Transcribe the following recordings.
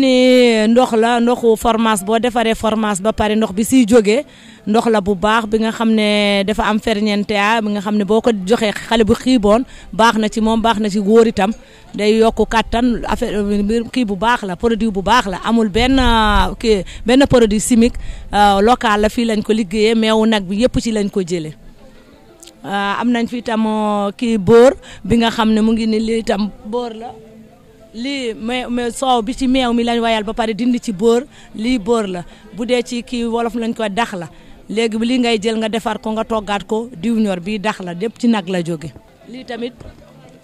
nii ndox la ndoxu fromage boo defaree fromage ba pare ndox bi siy jogee ndox la bu baax bi nga xam ne dafa am ferñeentea ah, bi nga xam ne boo ko joxee xale bu xiiboon baax na ci moom baax na ci góor itam day yokk kattan affaire kii bu baax la produit bu baax la amul benn ah, ki benn produit chimique ah, local la fii lañ ko liggéeyee meewu nag bi yëpp ci lañ ko jëlee am nañ fi itam kii boor bi nga xam ne mu ngi ni li itam boor la lii mais soow bi ci meew mi lañ wayal ba pare dindi ci bóor lii bóor la bu dee ci kii wolof lañ ko dax la léegi bi li ngay jël nga defar ko nga toggaat ko diw ñor bi dax la lépp ci nag la jóge lii tamit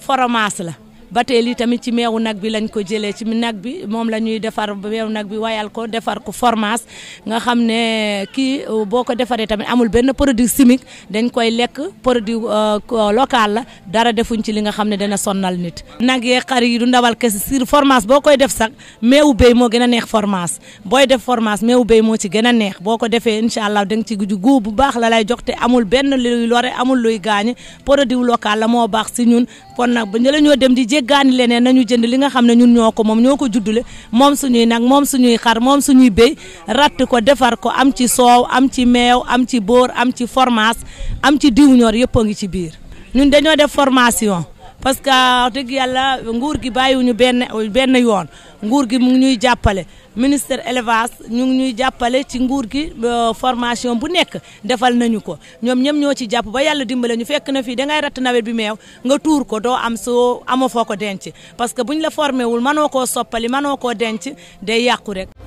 fromage la bateel yi tamit ci meewu nag bi lañ ko jëlee ci nag bi moom la ñuy defar meewu nag bi wayal ko defar ko fromage nga xam ne kii euh, boo ko defaree tamit amul benn produit chimique dañ koy lekk produit euh, local la dara defuñ ci li nga xam ne dana sonnal nit. nag yee xar yi du ndawal kese si fromage boo koy def sax meewu béy moo gën a neex fromage booy def fromage meewu béy moo ci gën neex boo ko defee incha allah danga ci guju góob bu baax la lay jox te amul benn luy lore amul luy gaañ produit local la moo baax si ñun. kon nag bu ñu la ñoo dem di jéggaani na ñu jënd li nga xam ne ñun ñoo ko moom ñoo ko juddule moom suñuy nag moom suñuy xar moom suñuy béy ratt ko defar ko am ci soow am ci meew am ci boor am ci fromage am ci diw ñor yëpp a ngi ci biir ñun dañoo def formation parce que dëgg yàlla nguur gi bàyyiwuñu benn benn yoon nguur gi mu ngi ñuy jàppale ministère élevage ñu ngi ñuy jàppale ci nguur gi euh, formation bu nekk defal nañu ko ñoom ñoom ñoo ci jàpp ba yàlla dimbale ñu fekk na fii dangay ratt nawet bi meew nga tuur ko doo am soo amoo foo ko denc parce que buñ la formé wul mënoo koo soppali mënoo koo denc day yàqu rek.